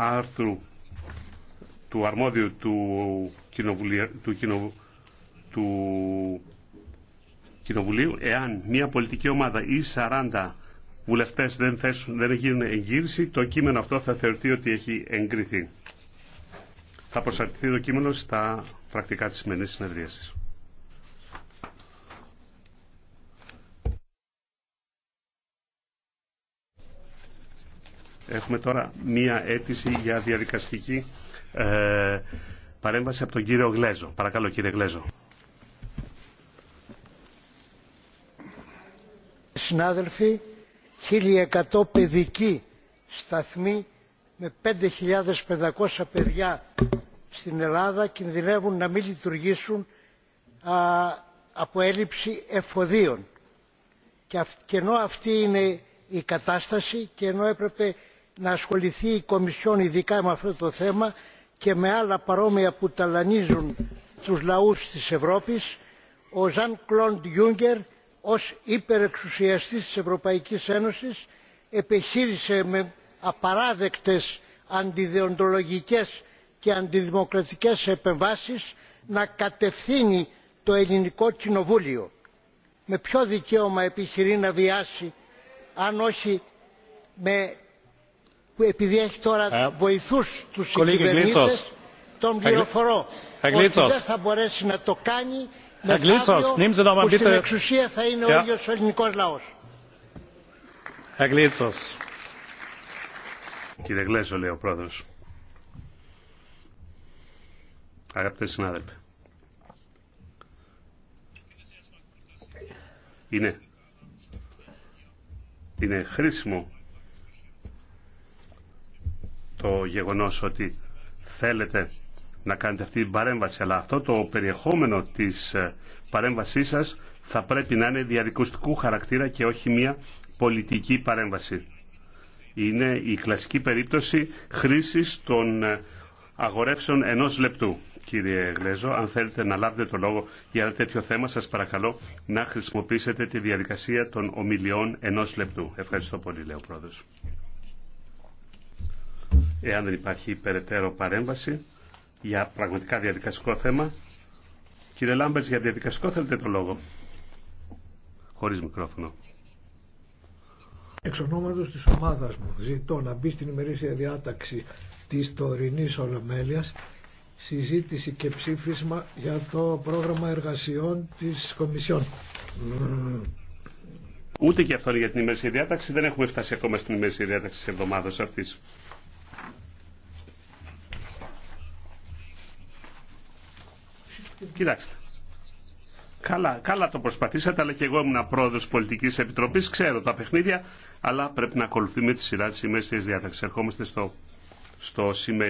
άρθρου του αρμόδιου του, κοινοβουλίου, του, του εάν μια πολιτική ομάδα ή 40 βουλευτές δεν, θέσουν, δεν γίνουν εγκύρηση, το κείμενο αυτό θα θεωρηθεί ότι έχει εγκριθεί. Θα προσαρτηθεί το κείμενο στα πρακτικά της σημερινής συνεδρίασης. Έχουμε τώρα μία αίτηση για διαδικαστική ε, παρέμβαση από τον κύριο Γλέζο. Παρακαλώ κύριε Γλέζο. Συνάδελφοι, 1100 παιδικοί σταθμοί με 5.500 παιδιά στην Ελλάδα κινδυνεύουν να μην λειτουργήσουν από έλλειψη εφοδίων. Και, και ενώ αυτή είναι η κατάσταση και ενώ έπρεπε να ασχοληθεί η Κομισιόν ειδικά με αυτό το θέμα και με άλλα παρόμοια που ταλανίζουν τους λαούς της Ευρώπης, ο Ζαν Κλοντ Γιούγκερ ως υπερεξουσιαστής της Ευρωπαϊκής Ένωσης επιχείρησε με απαράδεκτες αντιδεοντολογικές και αντιδημοκρατικές επεμβάσεις να κατευθύνει το ελληνικό κοινοβούλιο. Με ποιο δικαίωμα επιχειρεί να βιάσει αν όχι με που επειδή έχει τώρα ε, βοηθούς τους συγκυβερνήτες, τον πληροφορώ ότι δεν θα μπορέσει να το κάνει μεθαύριο που στην εξουσία θα είναι ο ίδιος ο ελληνικός λαός. Κύριε Γλέζο, λέει ο πρόεδρος. Αγαπητέ συνάδελφοι. Είναι. Είναι χρήσιμο το γεγονός ότι θέλετε να κάνετε αυτή την παρέμβαση, αλλά αυτό το περιεχόμενο της ε, παρέμβασής σας θα πρέπει να είναι διαδικουστικού χαρακτήρα και όχι μια πολιτική παρέμβαση. Είναι η κλασική περίπτωση χρήσης των ε, αγορεύσεων ενός λεπτού. Κύριε Γλέζο, αν θέλετε να λάβετε το λόγο για ένα τέτοιο θέμα, σας παρακαλώ να χρησιμοποιήσετε τη διαδικασία των ομιλιών ενός λεπτού. Ευχαριστώ πολύ, λέω ο Εάν δεν υπάρχει περαιτέρω παρέμβαση για πραγματικά διαδικαστικό θέμα, κύριε Λάμπερτς, για διαδικαστικό θέλετε το λόγο. Χωρίς μικρόφωνο. Εξ ονόματος της ομάδας μου ζητώ να μπει στην ημερήσια διάταξη της τωρινής Ολομέλειας συζήτηση και ψήφισμα για το πρόγραμμα εργασιών της Κομισιόν. Ούτε και αυτό για την ημερήσια διάταξη. Δεν έχουμε φτάσει ακόμα στην ημερήσια διάταξη της εβδομάδας αυτής. Κοιτάξτε. Καλά, καλά το προσπαθήσατε, αλλά και εγώ ήμουν πρόεδρος πολιτικής επιτροπής, ξέρω τα παιχνίδια, αλλά πρέπει να ακολουθούμε τη σειρά τη ημέρας τη διάταξη. Ερχόμαστε στο, στο σημείο.